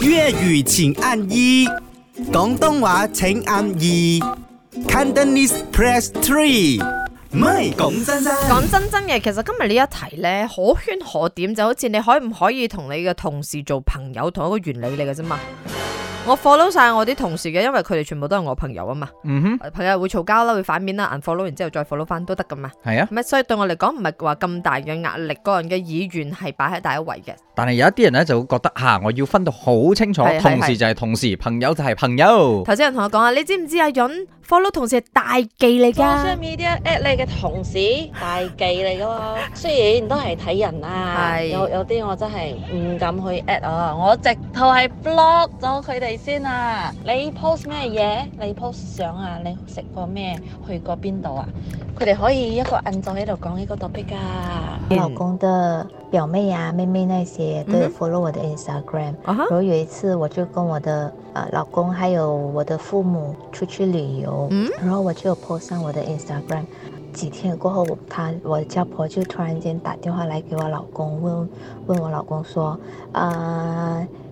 粵語請按一，廣東話請按二，Cantonese press three。唔係講真真，講真真嘅，其實今日呢一題呢，可圈可點，就好似你可唔可以同你嘅同事做朋友同一個原理嚟嘅啫嘛。我 follow 晒我啲同事嘅，因為佢哋全部都係我朋友啊嘛。嗯、哼朋友會嘈交啦，會反面啦，unfollow 完之後再 follow 翻都得噶嘛。係啊，咩？所以對我嚟講唔係話咁大嘅壓力，個人嘅意願係擺喺第一位嘅。但係有一啲人咧就會覺得吓、啊，我要分到好清楚，同事就係同事，朋友就係朋友。頭先人同我講啊，你知唔知阿潤、啊、follow 同事係大忌嚟噶 social media at 你嘅同事， 大忌嚟噶。雖然都係睇人啊，是有有啲我真係唔敢去 at 啊，我直頭係 block 咗佢哋。你先啊！你 post 咩嘢？你 post 相啊？你食過咩？去過邊度啊？佢哋可以一個晏晝喺度講呢個 topic 噶。嗯、老公的表妹啊、妹妹那些都有 follow 我的 Instagram、嗯哼。然後有一次，我就跟我的、呃、老公還有我的父母出去旅遊，嗯、然後我就有 post 上我的 Instagram。幾天過後，他我家婆就突然間打電話來給我老公，問問我老公說，啊、呃。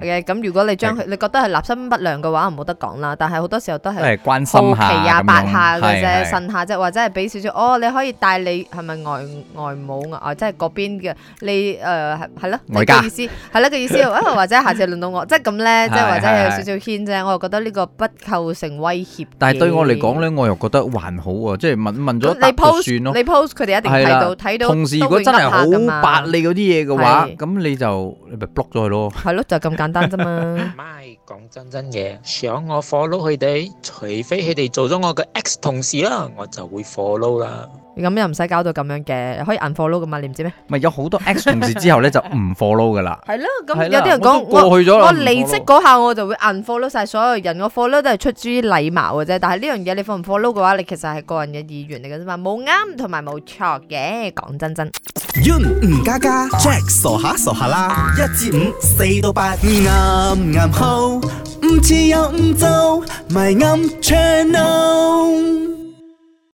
嘅咁，如果你將佢，你覺得係立心不良嘅話，冇得講啦。但係好多時候都係關心下、好奇啊、八卦下、神下啫，或者係俾少少哦，你可以帶你係咪外外母啊？即係嗰邊嘅你誒係咯，嘅意思係咯嘅意思，或者下次輪到我即係咁咧，即係或者有少少謠傳啫。我又覺得呢個不構成威脅。但係對我嚟講咧，我又覺得還好喎，即係問問咗答就算咯。你 post 佢哋一定睇到睇到。同時，如果真係好白你嗰啲嘢嘅話，咁你就你咪 block 咗佢咯。係咯，就咁簡單。唔係、講 真真嘢，想我 follow 佢哋，除非佢哋做咗我嘅 ex 同事啦，我就會 follow 啦。咁又唔使搞到咁樣嘅，可以 unfollow 噶嘛？你唔知咩？咪有好多 ex 同事之後咧就唔 follow 噶啦。係咯， 咁有啲人講過去咗，我離職嗰下我就會 unfollow 晒所有人，我 follow 都係出於禮貌嘅啫。但係呢樣嘢，你 follow 唔 follow 嘅話，你其實係個人嘅意願嚟嘅啫嘛，冇啱同埋冇錯嘅，講真真。Unc 吳家家，Jack 傻下傻下啦，一至五，四到八，啱啱好，唔遲又唔早，咪啱 channel。